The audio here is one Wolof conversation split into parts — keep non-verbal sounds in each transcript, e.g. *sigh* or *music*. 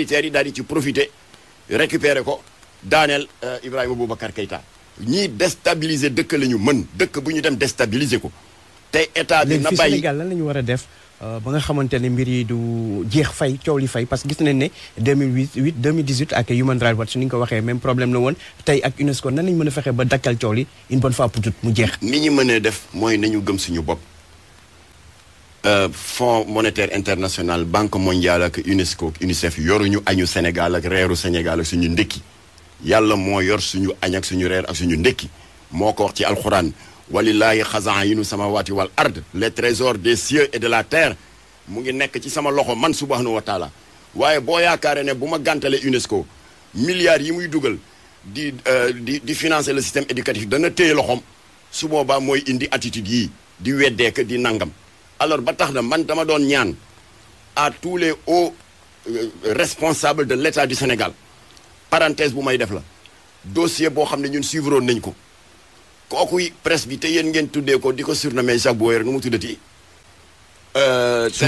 militaires yi daal di ci profité récupérer ko daaneel euh, Ibrahima Boubacar Keïta ñii déstabiliser dëkk la ñu mën dëkk bu ñu dem déstabiliser ko te état bi na bàyyi Sénégal lan la war def euh, ba nga xamante ne mbir yi du jeex fay coow li fay parce que gis nañ ne 2008 2018 ak Human Rights Watch ni ñu ko waxee même problème la woon tey ak UNESCO nan lañ mën a fexe ba dakkal coow une bonne fois pour mu jeex ni ñu mënee def mooy nañu gëm suñu bopp Euh, Fonds monétaire international banque mondiale UNESCO UNICEF yoruñu añu Sénégal ak au Sénégal ak suñu mo yor suñu suñu Rer, ak suñu moko ci walillahi wal ard les trésors des cieux et de la terre mu ngi nek ci sama loxo man subhanahu wa taala ne UNESCO milliards yi euh, di di financer le système éducatif dana loxom su boba indi attitude di nangam alors ba tax na man dama ñaan à tous les hauts euh, responsables de l'État du Sénégal parenthèse bu may def la dossier bo xamné ñun suivroon nañ ko kookuy presse bi te ngeen tuddé ko di ko surnommé Jacques Boyer nu mu tuddati. Euh, te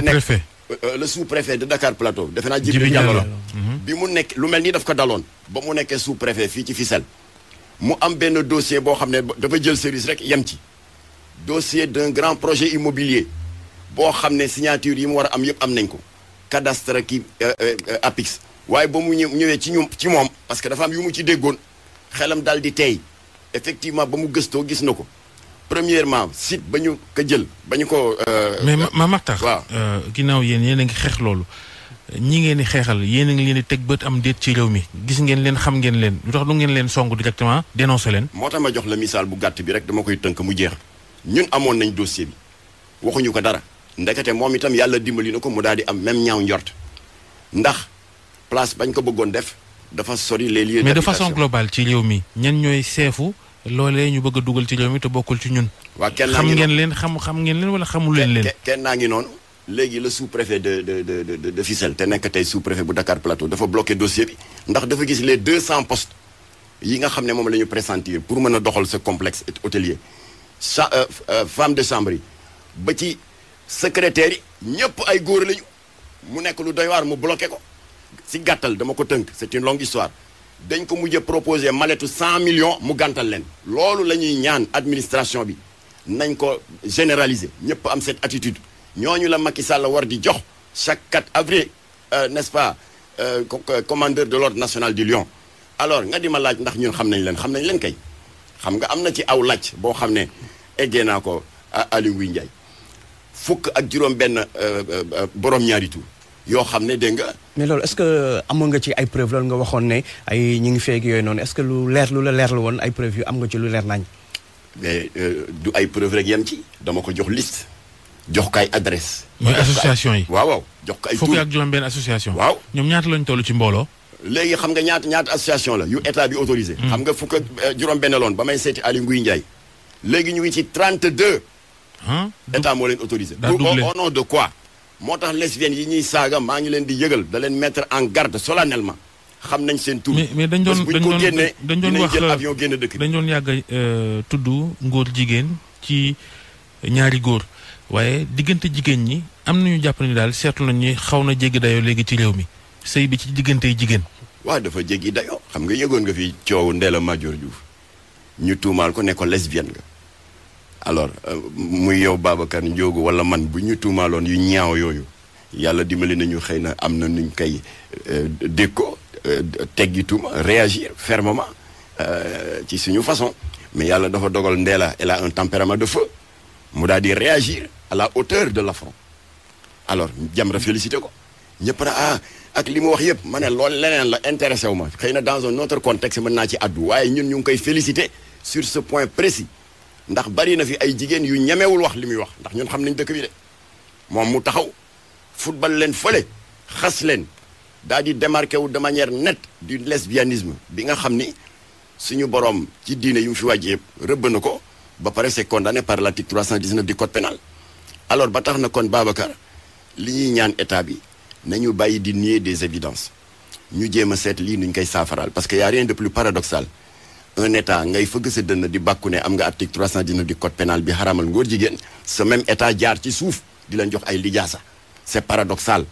euh, le sous-préfet de Dakar Plateau defé na Djibi Diallo mhm. bi mu nek lu melni daf ko daloon ba mu sous-préfet fi ci Fissel mu am ben dossier bo xamné dafa jël service rek yam ci dossier d'un grand projet immobilier boo xam ne signature yi mu war a am yëpp am nañ ko cadastre ki euh, euh, euh, APIX waaye ba mu ñëwee ci ñu ci moom parce que dafa am yu mu ci déggoon xelam daal di tey effectivement ba mu gëstoo gis na ko premièrement site ba ñu ko jël ba ñu ko. mais ma ma tax waaw ginnaaw yéen yéen a ngi xeex loolu ñi ngeen di xeexal yéen a ngi leen di teg bët am déet ci réew mi gis ngeen leen xam ngeen leen lu tax du ngeen leen song directement dénoncé leen. moo tax ma jox la misaal bu gàtt bi rek dama koy tënk mu jeex ñun amoon nañ dossier bi waxuñu ko dara. ndekete moom itam yàlla dimbali nako mu daal am même ñaaw njort ndax place bañ ko bëggoon def dafa sori les lieux mais de façon globale ci réew mi ñen ñooy seefu loolee ñu bëgg a ci réew mi te bokkul ci ñun. waaw kenn xam ngeen leen xam xam ngeen leen wala xamul leen leen. kenn naa ngi non légui le sous-préfet de de de de de Fissel té nekk tey sous-préfet bu Dakar Plateau dafa bloquer dossier bi ndax dafa gis les 200 postes yi nga xam mom lañu la pressentir pour mëna doxal ce complexe hôtelier sa euh, euh, femme de chambre ba ci secrétaire yi ay góor lañu mu nekk lu doy mu bloqué ko c'est une longue histoire dañ ko mujjee proposé maletu 100 millions mu gàntal leen loolu la ñaan administration bi nañ ko généraliser ñëpp am cette attitude ñooñu la Macky Sall war di jox chaque 4 avril euh, n'est-ce pas euh, euh, commandeur de l'ordre national du Lyon, alors nga di ma ndax ñun xam nañ leen xam kay xam nga ci aw fuk ak juróom-benn euh, euh, euh, borom ñaari tur yoo xam ne dégg nga. mais loolu est-ce que amoon nga ci ay preuve loolu nga waxoon ne ay ñi ngi feeg yooyu noonu est-ce que lu leer lu la leer la woon ay preuve yu am nga ci lu leer nañ mais du ay preuve rek yem ci dama ko jox liste jox ko ay adresse. mooy association yi waaw waaw jox ko ay tur fukk ak juróom-benn association. waaw ñoom ñaata lañ toll ci mbooloo. léegi xam nga ñaata ñaata association la yu état bi autorisé. Hmm. xam nga fukk ak juróom-benn loon ba may seeti Aliou Nguy Ndiaye. léegi ñu ngi ci 32. état moo leen autorisé. au nom de quoi. moo tax lesbiennes yi ñuy saaga maa ngi leen di yëgal da leen mettre en garde solennellement xam nañ seen tur. mais mais dañ doon dañ doon dañ doon wax avion génn dëkk dañ doon yàgg a euh, tudd ngóor jigéen ci ñaari góor waaye diggante jigéen ñi am nañu jàpp ne daal seetlu nañ ni xaw na jéggi dayoo léegi ci réew mi sëy bi ci diggante jigéen. waaw dafa jéggi dayoo xam nga yëgoon nga fi coowu Ndella Madior Diouf ñu tuumaal ko ne ko lesbienne nga. alors euh, muy yow Babacar Ndiogou wala man buñu tumalon yu ñaaw yoyu yalla dimbali nañu xeyna amna nuñ kay euh, déco euh, teggi réagir fermement ci suñu façon mais yalla dafa dogal Ndella elle a un tempérament de feu mu daal réagir à la hauteur de l'affront alors ra féliciter ko ñepp na ah ak limu wax yépp ma lool loolu leneen la intéressé wuma ma dans un autre contexte mën naa ci addu waye ñun ñu ngi koy féliciter sur ce point précis ndax bari na fi ay jigéen yu ñemewul wax li wax ndax ñun dëkk bi de moom mu taxaw football leen fële xas leen daal di démarqué wu de manière nette du lesbianisme bi nga xam ni suñu borom ci diine yu fi wàjji yëpp na ko condamné par l'article 319 du code pénal alors ba tax na kon Babacar li ñuy ñaan état bi nañu di nier des évidences ñu jéem a seet lii nuñ koy parce que n'y a rien de plus paradoxal un état ngay fëgg sa dënn di bàkku ne am nga article 319 du code pénal bi xaramal ngóor jigéen sa même état jaar ci suuf di leen jox ay lijaasa c'est paradoxal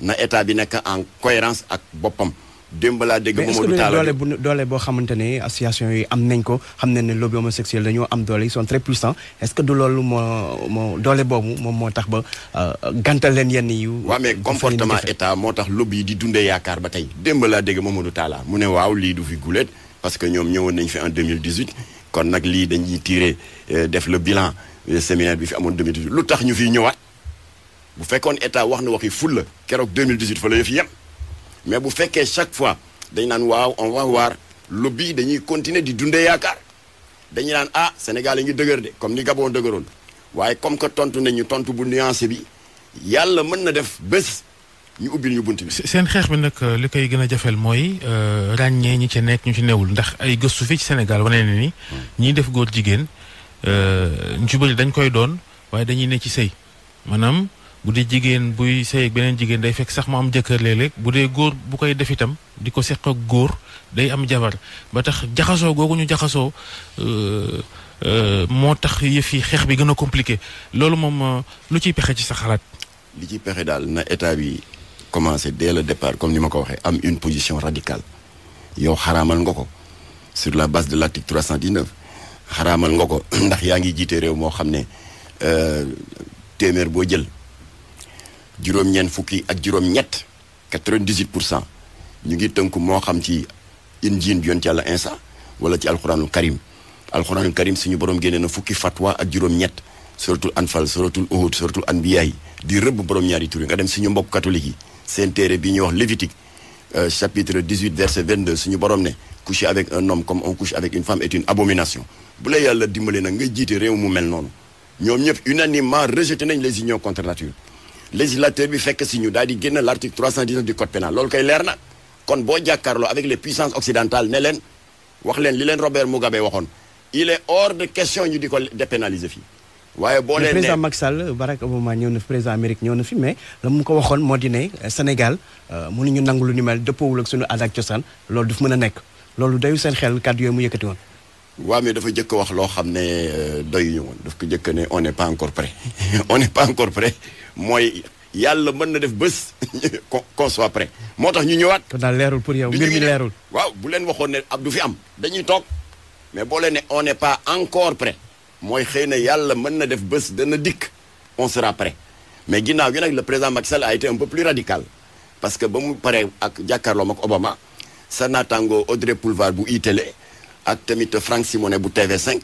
na état bi nekk en cohérence ak boppam démb laa dégg Mamadou Talla mais doole doole boo xamante ne association yi am nañ ko xam ne ne lobby homosexuel dañoo am doole ils sont très est-ce que du loolu moo moo doole boobu moom moo tax ba euh, gàntal leen yenn yu. waaw mais comportement état moo tax lobby yi di dundee yaakaar ba tey démb laa dégg Mamadou Talla mu ne waaw lii du fi guléet parce que ñoom ñëwoon nañu fi en 2018 kon nag lii dañuy tiré euh, def le bilan euh, séminaire bi fi en 2018 lu tax ñu vous ñëwaat bu est état wax nous waxi full keroog 2018 fa la yëf mais mais bu que chaque fois dañ naan waaw on va voir lobby dañuy continuer di dundee yaakaar dañu naan ah Sénégal yi ngi dëgër de comme ni Gabon dëgëroon ouais comme que tontu nañu tontu bu nuancé bi yàlla le monde def baisse ñu ubbil ñu bunt bi. seen xeex bi nag euh, li koy gën a jafeel mooy euh, ràññee ñi ci nekk ñu ci newul ndax ay gëstu fii ci Sénégal wane ne ni. Hmm. ñiy def góor jigéen euh, ñu ci bëri dañ koy doon waaye dañuy ne ci sëy maanaam bu dee jigéen buy sëy beneen jigéen day fekk sax mu am jëkkër léeg-léeg bu dee góor bu koy def itam di ko seq góor day am jabar ba tax jaxasoo googu ñu jaxasoo. moo tax yëf yi xeex bi gën a compliqué loolu moom lu ciy pexe ci sa xalaat. li pexe daal na état bi commencé dès le départ comme je l'ai dit, une position radicale Yo haramal nga sur la base de l'article 319 xaraamal nga ko *clears throat* ndax ya ngi jité rew mo xamné euh téeméer bo jël juróom ñen fukki ak juróom ñet 98 hamti, ñu ngi teunk mo xam ci injiin yoon ci Al insa wala ci alcorane karim alcorane karim suñu borom gene na fukki fatwa ak juróom ñet suratul anfal suratul uhud suratul anbiya di reub borom ñaari turu nga dem suñu mbokk catholique saint téere Lévitique euh, chapitre 18 verset 22 suñu borom coucher avec un homme comme on couche avec une femme est une abomination bu la dit dimbali nak nga jité réew mu mel non unanimement rejeté les unions contre nature Les bi fekk si ñu daal di génn l'article 319 du code pénal loolu kay leer na kon avec les puissances occidentales Robert il est hors de question de pénaliser. dépénaliser waaye boo leen président Macky Sall Barack Obama ñëw na président Amérique ñëw na fi mais la mu ko waxoon moo di ne euh, Sénégal euh, mënu ñu nangul ñu mel depoul ak suñu aada ak cosaan loolu daf mëna nek nekk loolu dayu seen xel kàddu yooyu mu yëkëti won wa mais dafa jëkk wax lo xamné ne euh, doy ñu won daf ko jëkk ne on n'est pas encore prêt *laughs* on n'est pas encore prêt moy yalla mëna def bëss *laughs* qu'on soit prêt motax ñu ñëwaat. kon daal leerul pour yow mbir mi lérul waaw bu leen waxoon né abdou fi am dañuy tok mais boo leen ne on n'est pas encore prêt. Moi, xeyna yalla yàlla mën na def bés dana on sera prêt mais ginnaaw gi le président Macky a été un peu plus radical parce que bamou paré ak jakarlo mak Obama sa naataango Audrey Pulvar bu iTélé ak tamit Franck Simone, bu TV5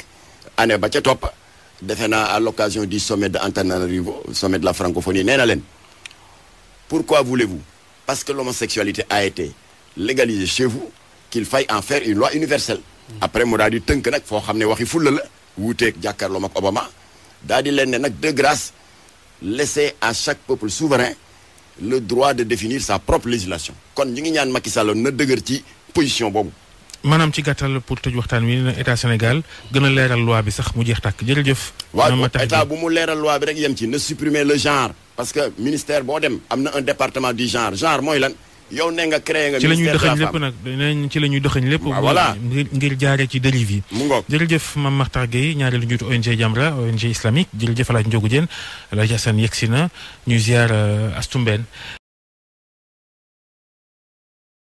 ané ba ca topp à l'occasion du sommet de Antananarivo sommet de la francophonie néna len pourquoi voulez-vous parce que l'homosexualité a été légalisée chez vous qu'il faille en faire une loi universelle après mu daal di que nag foo waxi fulla la wuuteeg jàkkaarloom mak Obama daal di leen de grâce laisser à chaque peuple souverain le droit de définir sa propre législation kon ñu ngi ñaan Macky Sall na deuguer ci position Bon. manam ci gatal pour tëj waxtan wi état Sénégal gëna léral loi bi sax mu jeex tàkk jërëjëf. waaw état bu mu léral loi bi rek yam ci ne supprimer le genre parce que ministère Bodem dem amna un département du genre genre moy lan. yow ne nga créé nga. ci la ñuy dëxëñ lépp nag ci la ñuy dëxëñ lépp. ngir jaaree ci dérive yi. mu ngoog jërëjëf Mame Makhtar Gueye ñaareelu njiitu ONG Jamra ONG islamique jërëjëf El Hadj Ndiogou Diène El Hadj Assane yegsi na ñu ziar euh, Astou Mbène